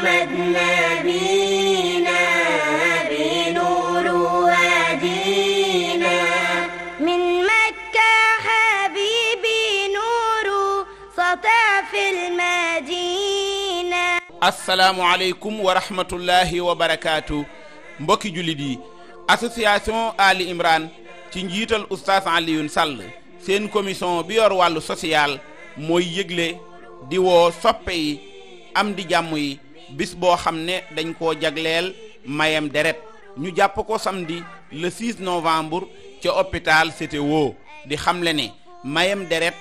محمد نبينا بنور وادينا من مكة حبيبي نور سطع في المدينة asalaamualeykum wa association Ali ci njiital oustaz Alioune Sall seen commission bi yor wàllu social mooy yëgle di woo soppe am di jàmm yi bis boo xam ne dañ koo jagleel mayam deret ñu jàpp ko samedi le 6 novembre ca hôpital CTO di xamle ne mayam deret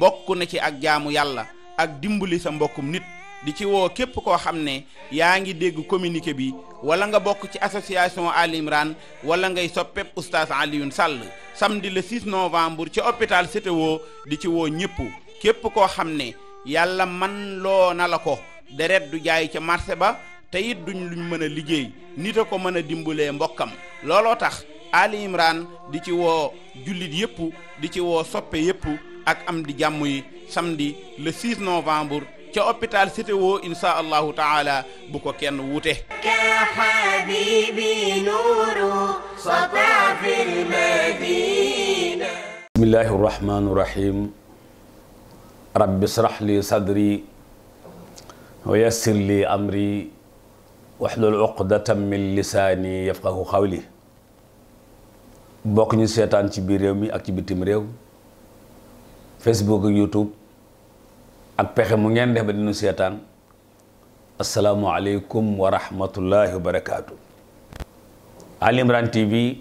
bokk na ci ak jaamu yàlla ak dimbali sa mbokkum nit di ci woo képp koo xam ne yaa ngi dégg communiqué bi wala nga bokk ci association Ali Imran wala ngay soppeb oustaz Alioune Sall samdi le 6 novembre ca hôpital CTO di ci woo ñëpp képp koo xam ne yàlla man loo na la ko deret du jaay ca marché ba te it duñ luñ mën a liggéey nit a ko mën a dimbalee mbokkam looloo tax Ali Imran di ci woo jullit yépp di ci woo soppe yëpp ak am di jàmm yi samedi le 6 novembre ca hôpital Citewo insha allahu taala bu ko kenn wuute ka habibi nuru sata fil wa yassir li amri waxlul uqdatan min lisaani yafqahu xawli bokk ñu seetaan ci biir réew mi ak ci bitim réew facebook ak youtube ak pexe mu ngeen def ba dinu seetaan asalaamualeykum wa rahmatullahi wa barakaatu Ali Imran TV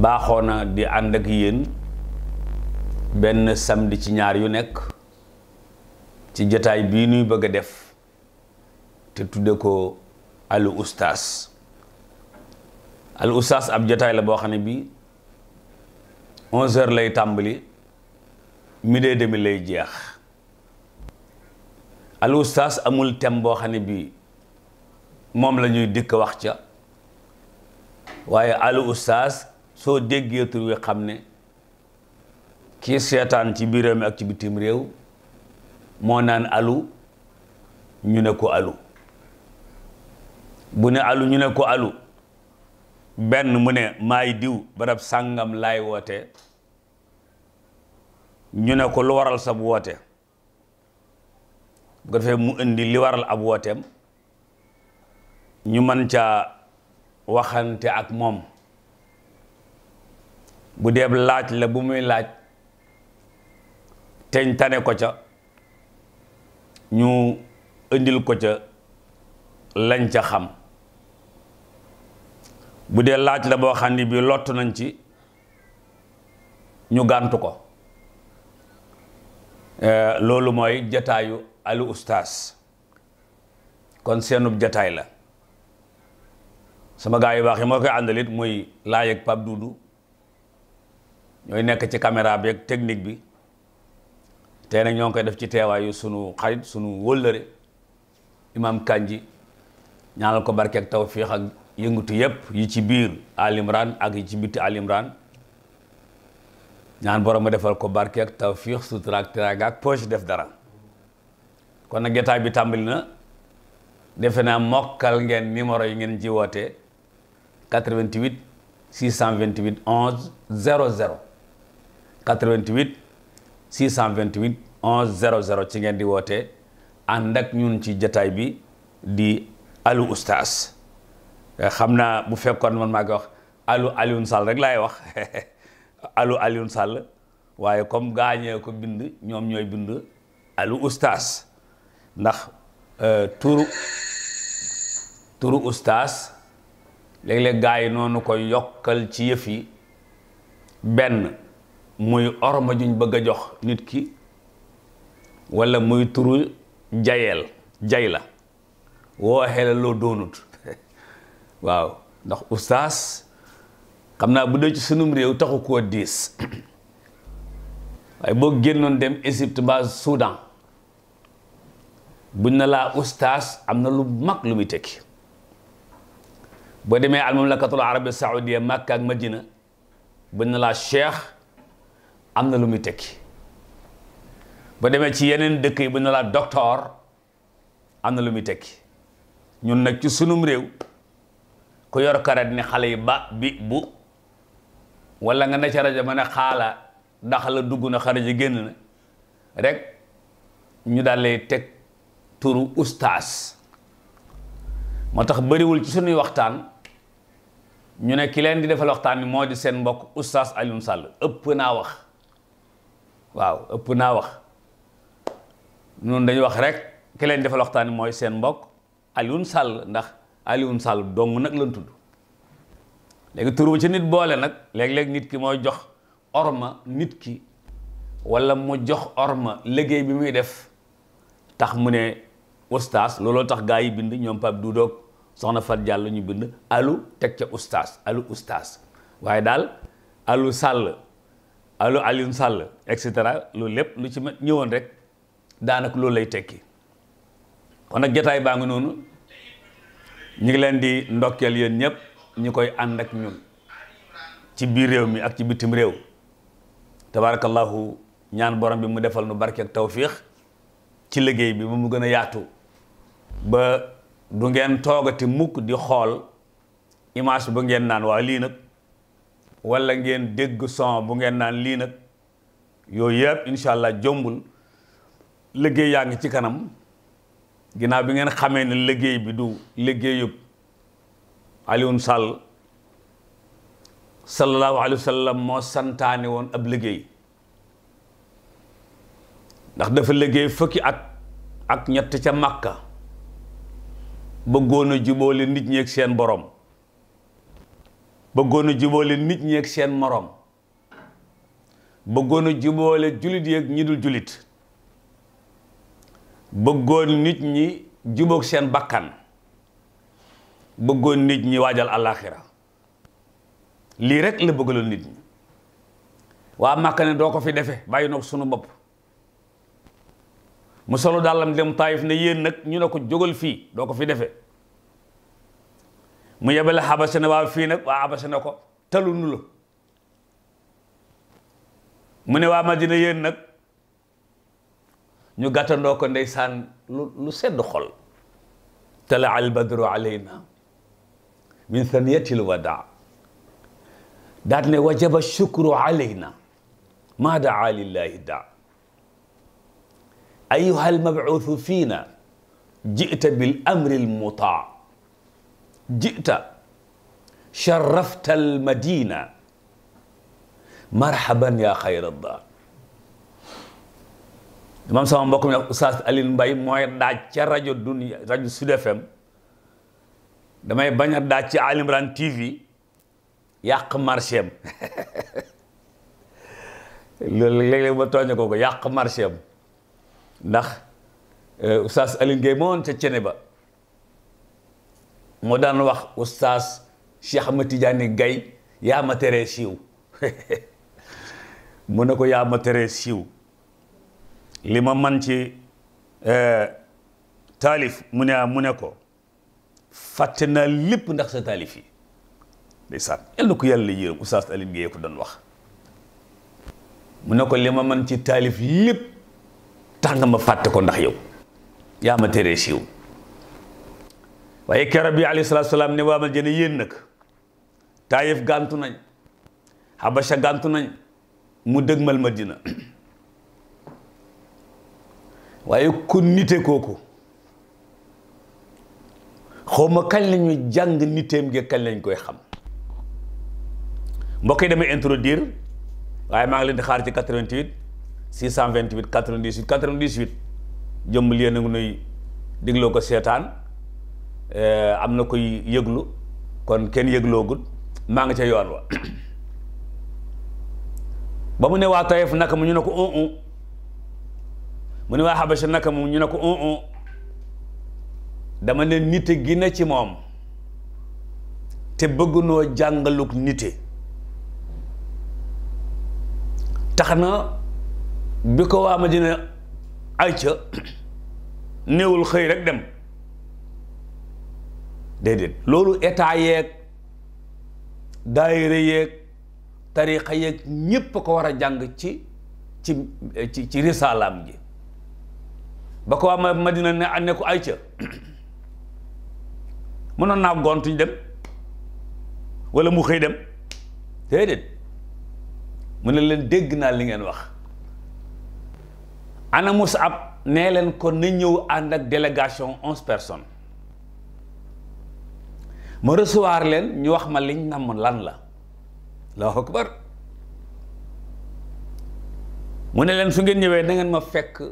baaxoo na di ànd ak yéen benn samedi ci ñaar yu nekk ci jataay bii nuy bëgg a def te tudde ko al ustaas al ustaas ab jataay la boo xam ne bii onze heures lay tàmbali midi et demi lay jeex al ustaas amul thème boo xam ne bii moom la ñuy dikk wax ca waaye al ustaas soo déggee tur wi xam ne kii seetaan ci biir réew mi ak ci bitim réew moo naan alu ñu ne ko alu bu ne alu ñu ne ko alu benn mu may diw barab sàngam laay woote ñu ne ko lu waral sab woote bu ko defee mu indi li waral ab wooteem ñu mën ca waxante ak moom bu dee laaj la bu muy laaj teñ tane ko ca ñu indil ko ca lañ ca xam bu dee laaj la boo xam ni bii lott nañ ci ñu gàntu ko eh, loolu mooy jataayu ali ustaas kon seenub jataay la sama gaa yu baax yi moo koy àndalit muy laaj ak Pape Doudou ñooy nekk ci caméra bi ak technique bi tey nag ñoo ngi koy def ci teewaayu sunu xarit sunu wóllëre imam Kanji ñaanal ko barke ak tawfiix ak yëngutu yépp yi ci biir Alimran ak yi ci bitti Alimran ñaan borom ma defal ko barke ak tawfiix sutura ak teraanga ak poche def dara kon nag jotaay bi tàmbali na defe naa mokkal ngeen numéro yi ngeen ci woote 88 628 11 00 88. vingt 628 11 00 ci ngeen di woote ànd ak ñun ci jataay bi di Alou Oustaz eh, xam naa bu fekkoon man maa ngi wax Alou Alioune Sall rek laay wax Alou Alioune Sall waaye comme gaañee ko bind ñoom ñooy bind Alou ndax eh, turu turu Oustaz léeg-léeg gaa yi noonu ko yokkal ci yëf yi benn muy oroma juñ bëgg a jox nit ki wala muy turu jayeel jay la wooxee la loo doonut waaw ndax ustaas xam naa bu dee ci sunum réew taxu ko diis waaye boo génnoon dem Égypte ba Soudan buñ na laa ustaas am na lu mag lu muy tekki boo demee al mamlakatul arabi saudiya Makka ak Madina buñ na laa cheikh am na lu muy tekki ba demee ci yeneen dëkk yi bu ñu la docteur am na lu muy tekki ñun nag ci sunum réew ku yor karet ni xale yi ba bi bu wala nga ne ca rajo ma ne xaala ndax la dugg na xaraja génn na rek ñu daal lay teg turu ustaas moo tax bariwul ci sunuy waxtaan ñu ne ki leen di defal waxtaan bi moo di seen mbokk ustaas Alioune Sall ëpp naa wax waaw ëpp naa wax noonu dañuy wax rek ki leen defal waxtaan mooy seen mbokk Alioune Sall ndax Alioune Sall dong nag lan tudd léegi turu ci nit boole nag léeg-léeg nit ki mooy jox orma nit ki wala mu jox orma liggéey bi muy def tax mu ne oustaz looloo tax gaa yi bind ñoom du doog soxna Fat Diallo ñu bind alu teg ca oustaz alu oustaz waaye daal alu Sall allo Alioune Sall et cetera loolu lépp lu ci ma ñëwoon rek daanaka loolu lay tekki kon nag jotaay baa ngi noonu ñu ngi leen di ndokkeel yéen ñëpp ñu koy ànd ak ñun ci biir réew mi ak ci bitim réew tabarakallahu ñaan borom bi mu defal nu barke ak tawfiix ci liggéey bi ba mu gën a yaatu ba du ngeen toogati mukk di xool image bu ngeen naan waa lii nag wala ngeen dégg son bu ngeen naan lii nag yooyu yëpp incha jombul liggéey yaa ngi ci kanam ginnaaw bi ngeen xamee ne liggéey bi du liggéeyub Alioune Sall sallallahu alayhi wa sallam moo santaane woon ab liggéey ndax dafa liggéey fukki at ak ñett ca Makka bëggoon a jubóole nit ñeek seen boroom bëggoon a jubóole nit ñi ak seen moroom bëggoon a jubóole jullit yi ak ñi dul jullit bëggoon nit ñi jubóog seen bakkan bëggoon nit ñi waajal àllaaxira lii rek la bëggaloon nit ñi waa Màkka ne doo ko fi defe bàyyi na sunu bopp mu solo dàllam dem taayif ne yéen nag ñu ne ko jógal fii doo ko fi defe mu yebale xabasa na waa fii nag waa xabasa na ko talu nu la mu ne waa Madina yéen nag ñu gàttandoo ko ndeysaan lu lu sedd xol tala al badru alayna min thaniyatil wadaa daat ne wajaba shukru alayna maa daa lillahi daa ayuha almabuuthu fiina jita bil amri almutaa jita sharafta almadina marhaban yaa xayra daar moom sama mbokk mi nag Oustaz Alioune mooy daaj rajo Dunya rajo Sud FM damay bañ a daaj ci Ali TV yàq marché am loolu léeg-léeg ma ko ko yàq marché am ndax euh, Oustaz Alioune Gueye ca cene ba moo daan wax oustaz Cheikh Ahmed Tidiane Gaye yaa ma teree siiw mu ne ko yaa ma teree siiw li ma man ci eh, taalif mu ne mu ne ko fàtte naa lépp ndax sa taalif yi ndeysaan yàlla ko yàlla yërëm oustaz doon wax mu ne ko li ma man ci taalif lépp tax nga ma fàtte ko ndax yow yaa ma teree siiw waaye keroog bi alayhi salaam ne waa Madiyana yéen nag taayif gàntu nañ Habasha gàntu nañ mu dëgmal Madina waaye ku nite kooku xaw ma kañ la ñuy jàng niteem gi kañ lañ koy xam mbokk yi damay introduire waaye maa ngi leen xaar ci 88 628 98 98 jëmb leen a ngi nuy dégloo ko seetaan. Eh, am na ko yëglu kon kenn yëgloogul maa nga ca yoon wa ba mu ne waa Taïf naka mu ne ko un un mu ne naka mu ñu ne ko un un dama ne nite gi na ci moom te bëgg noo jàngaluk nite tax na bi ko waa Madina ayca néewul xëy rek dem déedéet loolu état yeeg daayira yeeg tariqa yeeg ñépp a ko war a jàng ci ci ci ci risalaam gi ba ko waa Madina ne ne ko ay ca mënoon naa gontuñ dem wala mu xëy dem déedéet mu ne leen dégg naa li ngeen wax ana Musab nee leen ko na ñëw ànd ak délégation onze personnes ma recevoir leen ñu wax ma liñ namm lan la allahu bar mu ne leen su ngeen ñëwee dangeen ngeen ma fekk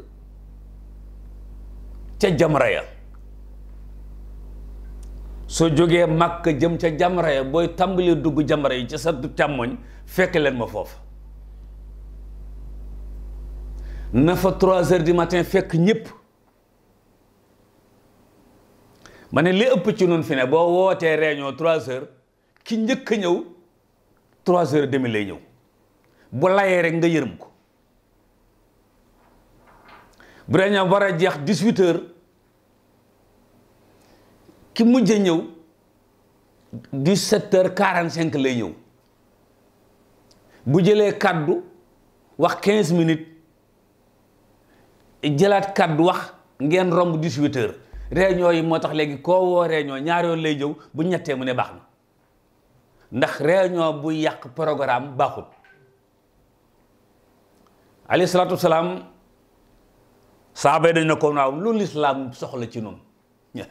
ca jamra ya soo jógee màkk jëm ca jamra ya booy tàmbali dugg jamra yi ci sa tàmmoñ fekk leen ma foofu na fa trois heures du matin fekk ñëpp ma ne li ëpp ci nun fi ne boo wootee réunion trois heures ki njëkk a ñëw trois heures demi lay ñëw bu layee rek nga yërëm ko bu réunion war a jeex dix-huit heures ki mujj a ñëw dix-sept heures quarante-cinq lay ñëw bu jëlee kaddu wax quinze minutes jëlaat kàddu wax ngeen romb dix-huit réunion yi moo tax léegi koo woo réunion ñaar lay jëw bu ñettee mu ne baax na ndax réunion bu yàq programme baaxut alayhi salaatu wasalaam saaba dañ ne ko naaw lu lislaam soxla ci noonu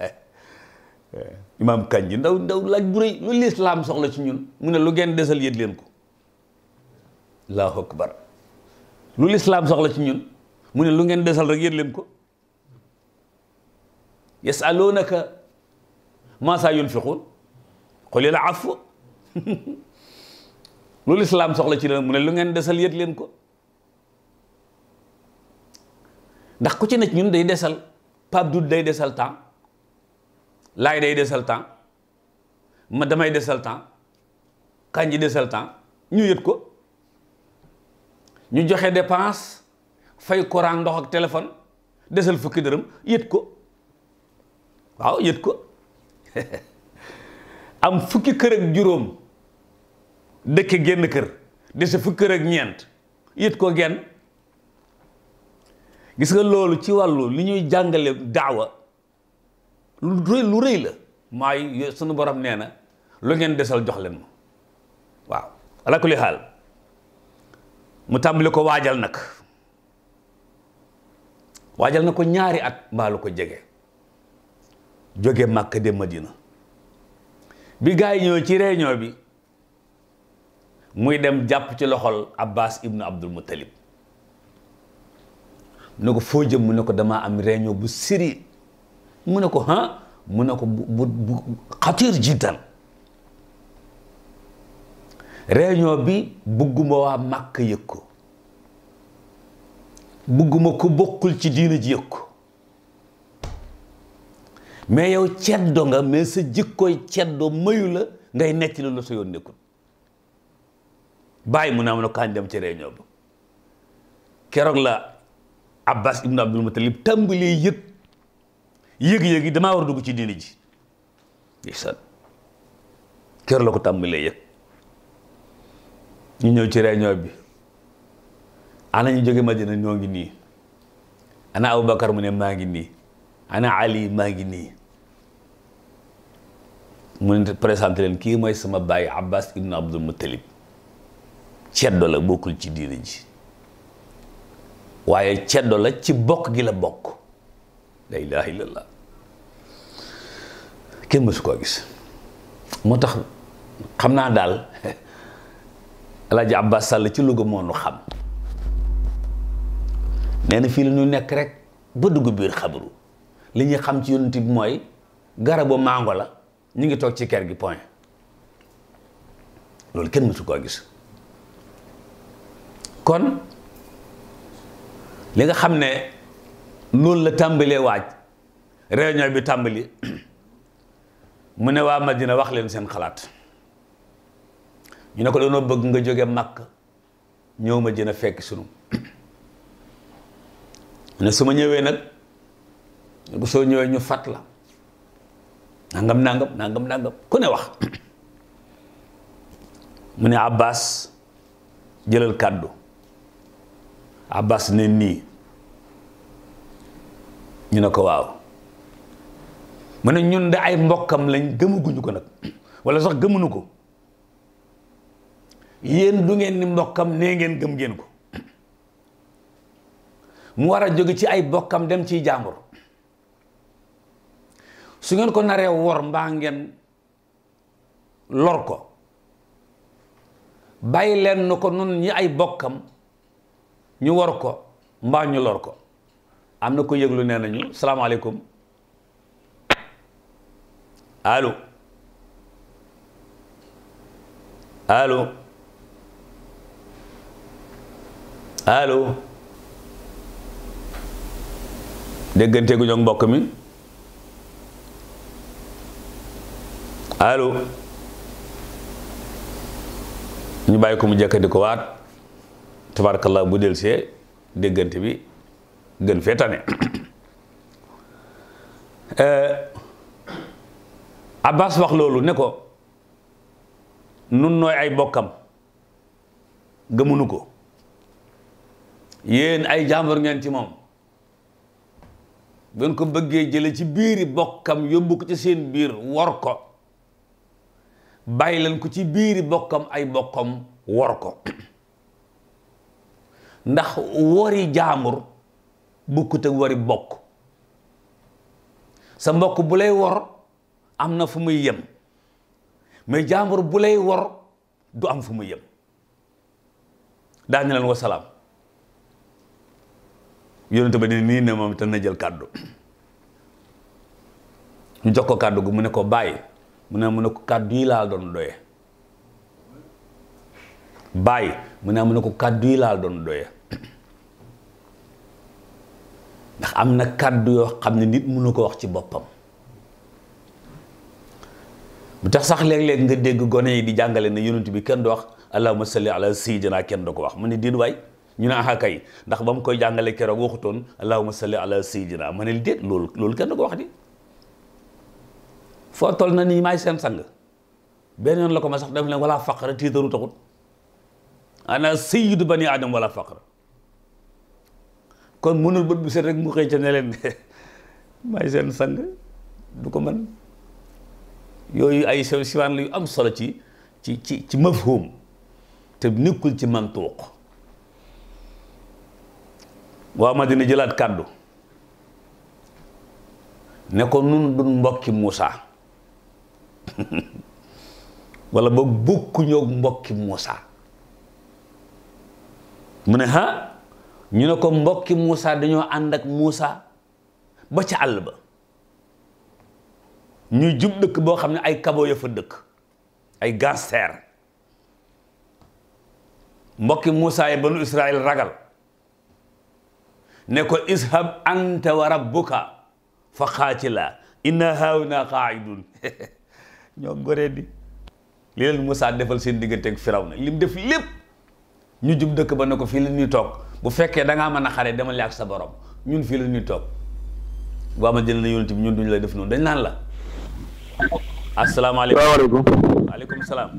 imaam Kanji ndaw ndaw laaj bu rëy lu lislaam soxla ci ñun mu ne lu ngeen desal yët leen ko allahu akbar lu lislaam soxla ci ñun mu ne lu ngeen desal rek yët leen ko yasalunaka maa saa yunfiqun la afwa loolu islaam soxla ci leen mu ne lu ngeen desal yët leen ko ndax ku ci nekk ñun day desal Pape Doudou day desal temps laay day desal temps ma damay desal temps kanji desal temps ñu yët ko ñu joxe dépense fay courant ndox ak téléphone desal fukki dërëm yët ko waaw yët ko am fukki kër ak juróom dëkke génn kër dese fukki kër ak ñeent yët ko genn gis nga loolu ci wàllu li ñuy jàngale daawa lu rëy lu rëy la maay sunu borom nee na lu ngeen desal jox leen ma waaw ala kulli xaal mu tàmbali ko waajal nag waajal na ko ñaari at mbaa lu ko jege jóge Màkka dem Madina bi gaa yi ci réunion bi muy dem jàpp ci loxol Abbas ibnu Abdul Muttalib mu ne ko foo jëm mu ne ko damaa am réunion bu siri mu ne ko ha mu ne ko bu bu xatiir jiddan bi bugguma waa Màkka yëg ko bugguma ko bokkul ci diina ji yëg ko mais yow ceddo nga mais sa jikkoy ceddo mayu la ngay nekk la lu yoon nekkul bàyyi mu ne am na kañ dem ci réunion keroog la abbas ibnu abdul mutalib tàmbalee yëg yëg-yëg yi damaa war a dugg ci diini ji ndeysaan keroog la ko tàmbalee yëg ñu ñëw ci réunion bi ana ñu jóge madina ñoo ngi nii ana aboubacar mu ne maa ngi nii ana ali maa ngi nii mu ne présenté leen kii mooy sama baay abbas ibnu abdul muttalib ceddo la bokkul ci diina ji waaye ceddo la ci bokk gi la bokk la ilaha illallah kenn mësu koo gis moo tax xam naa daal alaaji abbas sàll ci Louga moo nu xam nee na fii la ñu nekk rek ba dugg biir xabaru li ñuy xam ci yonuti bi mooy garabu mango la ñu ngi toog ci ker gi point loolu kenn mësu koo gis kon li nga xam ne noonu la tàmbalee waaj réunion bi tàmbali mu ne waa Madina wax leen seen xalaat ñu ne ko doonoo bëgg nga jóge Makka ñëw Madina fekk sunu ne su ma ñëwee nag bu soo ñëwee ñu fat la nangam nangam nangam nangam ku ne wax mu ne Abbas jëlal kàddu Abbas ne nii ñu ne ko waaw mu ne ñun de ay mbokkam lañ gëmaguñu ko nag wala sax gëmuñu ko yéen du ngeen ni mbokkam nee ngeen gëm ngeen ko mu war a jóge ci ay mbokkam dem ciy jàmbur su ngeen ko naree wor mbaa ngeen lor ko bàyyi leen nu ko nun ñi ay bokkam ñu wor ko mbaa ñu lor ko am na ko yëglu nee nañu salaamaaleykum allo allo allo déggante gu ñoom mbokk mi allo ñu bàyyi ko mu jëkkandi ko waat tabarakallah bu delsee déggante bi gën fee tane euh, abbas wax loolu ne ko nun nooy ay bokkam gëmunu ko yéen ay jàmbur ngeen ci moom bu ko bëggee jële ci biiri bokkam yóbbu ko ci seen biir wor ko bàyyi leen ko ci biir biiri bokkam ay bokkam wor ko ndax wori jaamur bukkut ak bokk sa mbokk bu lay wor am na fu muy yem mais jaamur bu lay wor du am fu muy yem daañu leen wasalaam yonente ba ne nii ne moom te na jël kàddu ñu kàddu gu mu ne ko bàyyi mu ne mu ne ko kàddu yi laa doon doye bàyyi mu ne mu ne ko kàddu yi laa doon doye ndax am na kàddu yoo xam ne nit mënu ko wax ci boppam mu tax sax léeg-léeg nga dégg gone yi di jàngale na yonent bi kenn du wax allahumma salli ala sayyidina kenn du ko wax mu ne diit waay ñu ne kay ndax ba mu koy jàngale keroog waxutoon allahumma salli ala sayyidina ma ne déet loolu kenn du ko wax di foo toll na nii maay seen sang benn la ko ma sax def leen wala faqra tiitaru taxut ana sayyidu bani adam wala faqra kon mënul bët bu set rek mu xëy leen maay seen sang du ko mën yooyu ay sew siwaan la yu am solo ci ci ci ci mafhum te nekkul ci mantuuq waa ma dina jëlaat kàddu ne ko nun dun mbokki Moussa wala boog bokkuñoo mbokki Moussa mu ne ha ñu ne ko mbokki Moussa dañoo ànd ak Moussa ba ca àll ba ñu jub dëkk boo xam ne ay kabo ya fa dëkk ay gangster mbokki Moussa yi banu Israël ragal ne ko ishab anta wa rabbuka fa qaatilaa inna haahunaa qaa'iduun ñoo goree di li leen Moussa defal seen digganteeg Firawna lim def lépp ñu jub dëkk ba na ko fii la ñuy toog bu fekkee da ngaa mën a xare demal ak sa borom ñun fii la ñuy toog bu ama jël na yonent bi ñun duñu la def noonu dañ naan la. asalaamaaleykum waaleykum waaleykum salaam.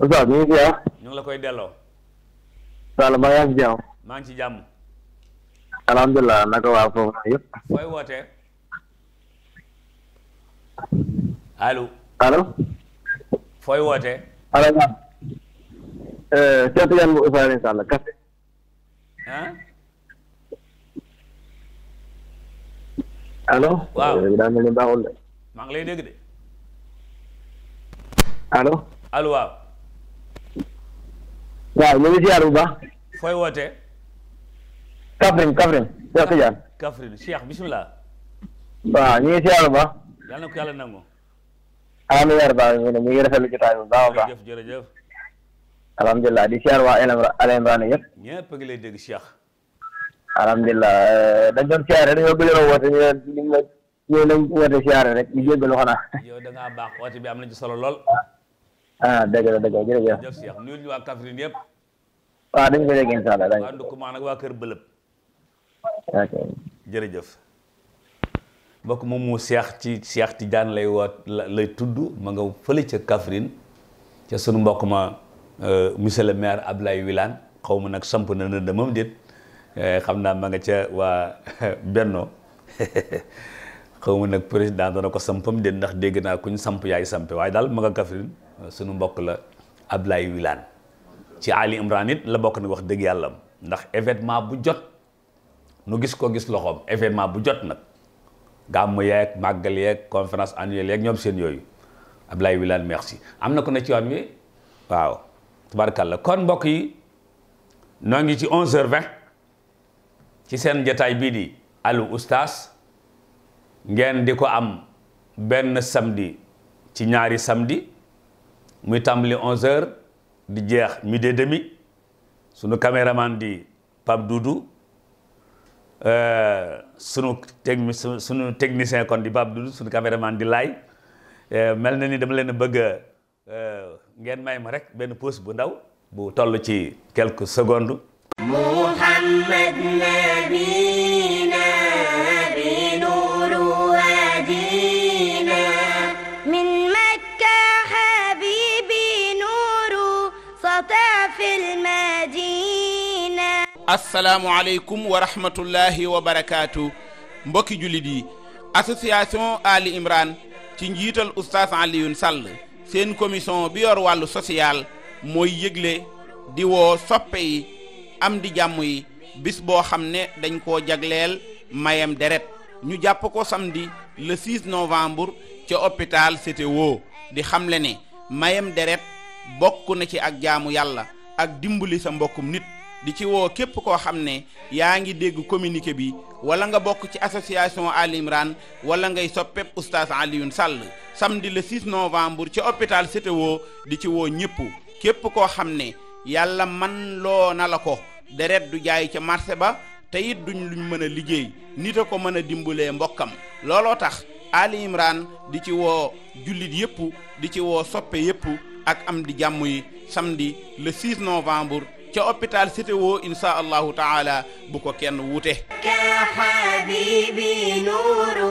Oustaz ñu ngi ziar. ñu ngi la koy delloo. Sall maa yaa ngi jàmm. maa ngi ci jàmm. alhamdulilah naka waa foofu yëpp. fooy wootee. allo. allo. fooy wootee. allo. Cheikh Tidiane bu Ibrahima Sall Kaffé. ah. allo. waaw eh, daa mel ni baaxul de. maa ngi lay dégg de. allo. allo waaw. waaw ñu ngi ziar bu baax. fooy wootee. Kaffrine Kaffrine Cheikh Tidiane. Kaffrine Cheikh bisimilah. waaw ñu ngi ziar bu baax. yàlla na ko yàlla nangu. Alamdi ah, Meer Ba mi ngi rafetlu jotaay bu baax a baax. jërëjëf jërëjëf. alhamdulilah di siyaar waa Al Imran yëpp. ñëpp a ngi lay dégg Cheikh. alhamdulilah eh, dañ doon siyaare dañoo gëj a woote ñu ne ñu ne nañ woote siyaare rek ñu jéggalu xanaa. yow da ngaa baax woote bi am na ci solo lool. ah dëgg la dëgg la jërëjëf. jërëjëf Cheikh nuyu ñu waa Kaffrine yëpp. waaw dañu ko dégg incha allah. waaw ndokkuma nag waa Kër Bëlëb. ok jërëjëf. mbokk moom mu seex ci seex Tijaan lay woot lay tudd ma nga fële ca Kaffrine ca sunu mbokk ma euh, monsieur le maire Ablaye Wilane xaw ma nag samp na nënd moom déet euh, xam naa ma nga ca waa Benno xaw ma nag président dana ko sampam déet ndax dégg naa ku ñu samp yaay sampe waaye daal ma nga Kaffrine euh, sunu mbokk la Ablaye Wilane ci Ali Imran it la bokk nag wax dëgg yàlla ndax événement bu jot nu gis koo gis loxoom événement bu jot nag. gàmmu yeeg màggal yeeg conférence annuelle yeeg ñoom seen yooyu Ablaye Wilane merci am na ko ne ci waaw tubarkalla kon mbokk yi noo ngi ci 11 h ci seen jataay bii di Allo Oustaz ngeen di ko am benn samedi ci ñaari samedi muy tàmbali 11h di jeex mi et demi sunu caméraman di Pape Doudou Euh, sunu techni sunu technicien kon di Pape Doudou sunu caméraman di laay euh, mel na ni dama leen bëgg euh, ngeen may ma rek benn pause bu ndaw bu toll ci quelque secondes Muhammad Nabi asalaamualeykum wa rahmatullahi wa barakaatu mbokki jullit yi association Ali Imran ci njiital oustaz Alioune Sall seen commission bi yor wàllu social mooy yëgle di woo soppe am di jàmm yi bis boo xam ne dañ koo jagleel mayem deret ñu jàpp ko samedi le 6 novembre ca hôpital CTO di xamle ni mayem deret bokk na ci ak jaamu yàlla ak dimbali sa mbokkum nit di ci woo képp koo xam ne yaa ngi dégg communiqué bi wala nga bokk ci association Ali Imran wala ngay soppep oustaz Alioune Sall samedi le 6 novembre ci hôpital CTO di ci woo ñëpp képp koo xam ne yàlla man loo na la ko deret du jaay ca marché ba te it duñ luñ mën a liggéey nit a ko mën a dimbalee mbokkam looloo tax Ali di ci woo jullit yëpp di ci woo soppe yëpp ak am di jàmm yi samedi le 6 novembre ca hôpital cité woo insha allahu taala bu ko kenn wuute yaa habibi nuuru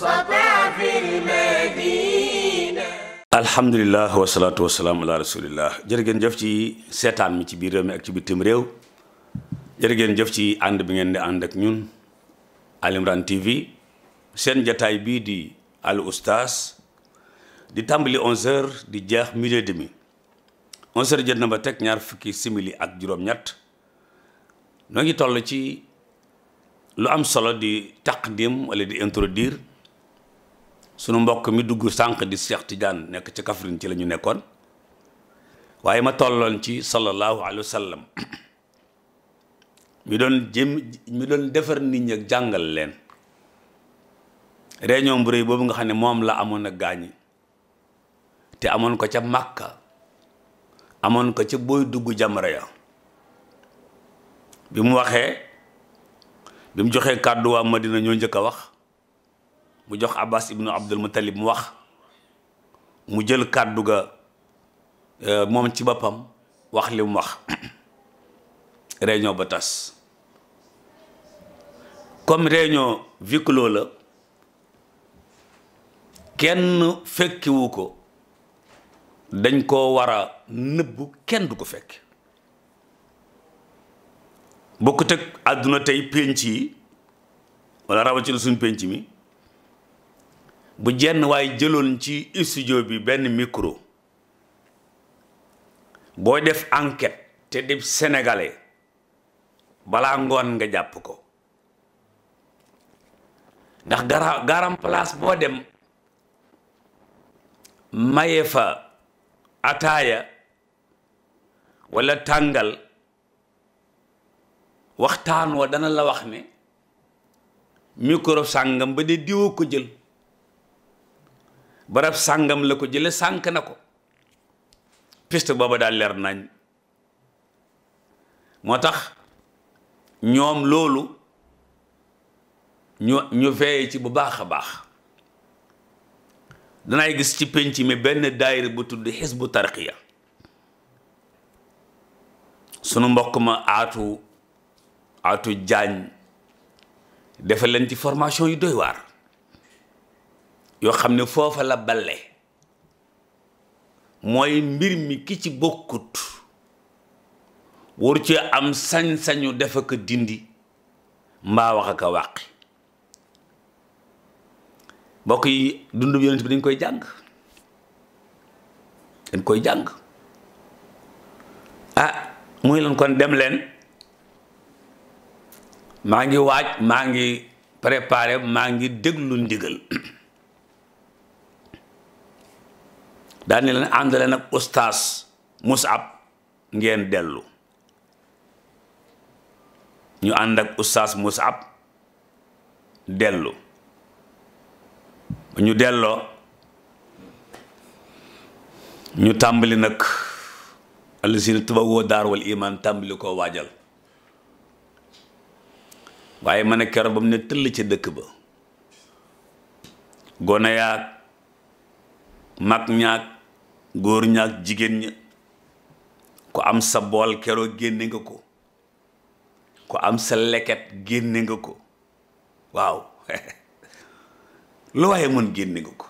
sata fil madina alhamdulilah wasalaatu wasalaam ala rasulillah jërë ngeen ci seetaan mi ci biir réew mi ak ci bitim réew jërë ngeen jëf ci ànd bi ngeen di ànd ak ñun Alimran TV seen jataay bii di al oustaz di tàmbali 11h di jeex midi et onze heures jot na ba teg ñaar fukki simili ak juróom-ñett noo ngi toll ci lu am solo di taqdim wala di introduire sunu mbokk mi dugg sànq di Cheikh Tidiane nekk ci Kaffrine ci la ñu nekkoon waaye ma tolloon ci sallallahu alayhi wa sallam mi doon jëm mi doon defar nit ñi ak jàngal leen réunion bu rëy boobu nga xam ne moom la amoon a gaañi te amoon ko ca Makka amoon ko ca booy dugg jamra ya bi mu waxee bi mu joxee kàddu ma Madina ñoo njëkk a wax mu jox Abbas ibnu Abdul Muttalib mu wax mu jël kàddu ga euh, moom ci boppam wax li mu wax réunion ba tas comme réunion viclo la kenn fekkiwu ko dañ ko war a nëbbu kenn du ko fekk bokkut ak àdduna tey pénc yi wala rawatina suñ penc mi bu jenn waaye jëloon ci studio bi benn micro boo def enquête te di sénégalais balaa ngoon nga jàpp ko ndax gara garam place boo dem maye fa ataaya walla tàngal waxtaan wa dana la wax ne micro sàngam ba de diwoo ko jël barab sàngam la ko jële sànk na ko piste booba daal leer nañ moo tax ñoom loolu ñu ñu veeye ci bu baax a baax danaay gis ci penc mi benn daayira bu tudd bu tarqiya sunu mbokk ma aatu aatu jaañ defal leen ci formation yu doy waar yoo xam ne foofa la bale mooy mbir mi ki ci bokkut waru ci am sañ-sañu defa ko dindi mbaa wax ak a mbokk yi dundum yonent bi dañ koy jàng dañ koy jàng ah muy leen kon dem leen maa ngi waaj maa ngi préparé maa ngi déglu ndigal daan ne leen àndale nag ustaas musab ngeen dellu ñu ànd ak ustaas musab dellu ñu delloo ñu tàmbali nag allasina tabawoo daar wal iman tàmbali koo waajal waaye ma ne keroog ba mu ne tëll ca dëkk ba gone yaag mag ñaag góor ñaag jigéen ña ku am sa bool keroog génne nga ko ku am sa leket génne nga ko waaw lu waaye mën génne nga ko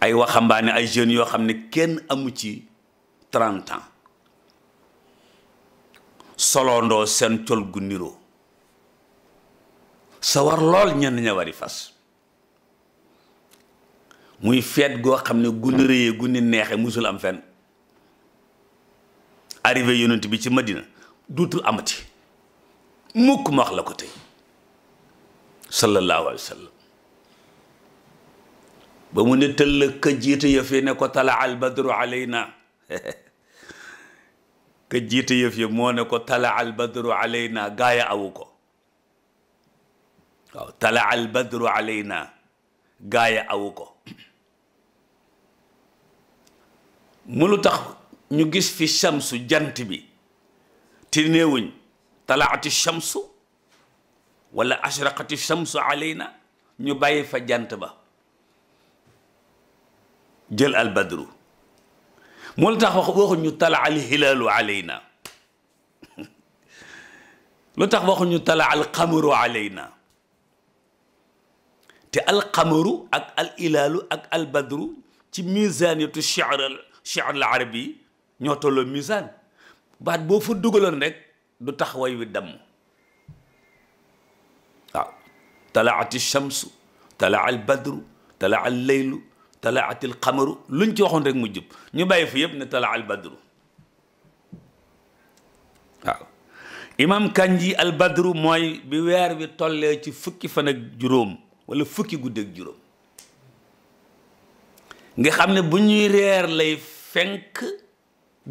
ay waxambaane ay jeunes yoo xam ne kenn amu ci trente ans solondoo seen col gu niroo sawar lool ñenn ña wari fas muy feet goo xam ne gu ni rëyee gu ni neexe musul am fenn arrivé yonent bi ci Madina duutul amati mukk ma wax la ko tey sallallahu alayhi sallam ba mu ne tëll ka jiite yëf yi ne ko tala al badru alayna ka jiite yëf yi ko tala al badru alayna gaaya awu ko tala al badru alayna gaaya awu ko mu lu tax ñu gis fi shamsu jant bi te néewuñ talaati shamsu wala ashraqati shamsu alayna ñu bàyyi fa jant ba jël albadru moo lu tax wax waxuñu tala al hilaalu alayna lu tax waxuñu tala al qamaru alayna te al qamaru ak al hilaalu ak al badru ci misaaniyatu shi'r shi'r al arabi ñoo tolloo misaan baat boo fa dugaloon rek du tax way wi damm talaati shamsu tala badru tala al leylu tala atil xamaru luñ ci waxoon rek mu jub ñu bàyyi fi yëpp ne tala al badru waaw imam kanji al badru mooy bi weer bi tollee ci fukki fan ak juróom wala fukki guddeeg juróom nga xam ne bu ñuy reer lay fenk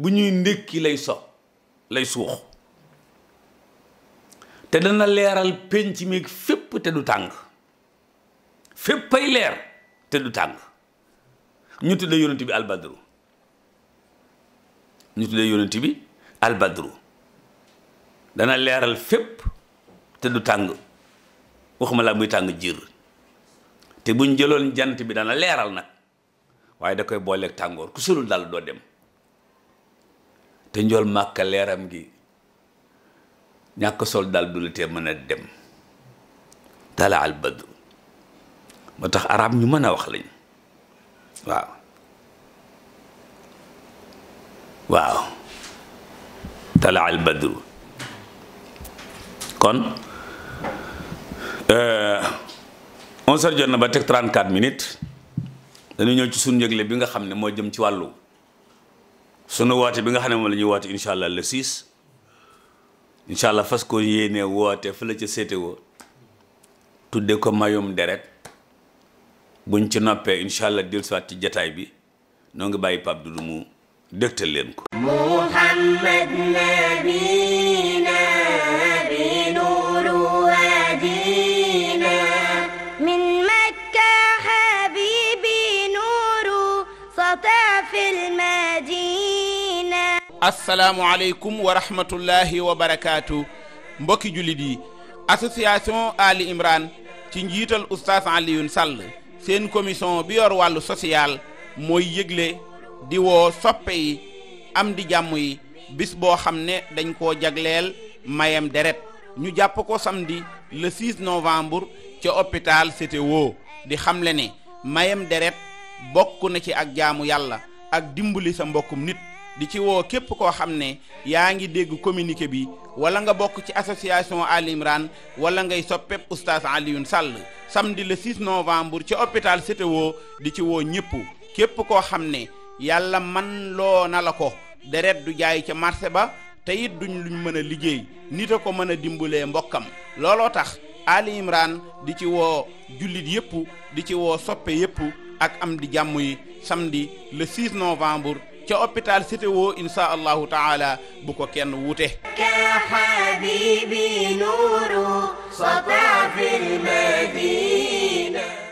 bu ñuy ndékki lay so lay suux te dana leeral penc mi fépp te du tàng féppay leer te du tàng ñu tuddee yonent bi albadro ñu tuddee yonent bi albadru dana leeral fépp te du tàng waxuma laa muy tàng jir te buñ jëloon jant bi dana leeral nag waaye da koy booleeg tàngoor ku solul dal doo dem te njool màkka leeram gi ñàkk sol dal du la tee mën a dem tala al bëdd ba tax arab ñu mën a wax lañ waaw waaw tala al badru kon euh, onze heures jot na ba teg 34 minutes dañu ñëw ci suñu yëgle bi nga xam ne moo jëm ci wàllu sunu woote bi nga xam ne moom la ñuy woote incha allah le 6 incha allah fas ko yéene woote fële ca CTO tudde ko mayum deret buñ ci noppee incha allah dil soit ci jataay bi noo ngi bàyyi Muhammad nabina bi nuuru wadina min Makka habibi nuuru satafil madina asalaamu aleykum wa rahmatullahi wa mbokki jullit yi association Ali Imran ci njiital oustaz Alioune Sall seen commission bi yor wàllu social mooy yëgle di woo soppe yi am di jàmm yi bis boo xam ne dañ koo jagleel mayem deret ñu jàpp ko samedi le 6 novembre ca hôpital CTO di xamle ni mayem deret bokk na ci ak jaamu yàlla ak dimbali sa mbokkum nit di ci woo képp koo xam ne yaa ngi dégg communiqué bi wala nga bokk ci association Ali Imran wala ngay soppep oustaz Alioune Sall samedi le 6 novembre ci hôpital CTO di ci woo ñëpp képp koo xam ne yàlla man loo na la ko deret du jaay ca marché ba te it duñ luñ mën a liggéey nit a ko mën a dimbalee mbokkam looloo tax Ali di ci woo jullit yëpp di ci woo soppe yëpp ak am di jàmm yi samedi le 6 novembre ca hôpital cité woo insha allahu taala bu ko kenn wuute yaa habibi nuuru sata fil madina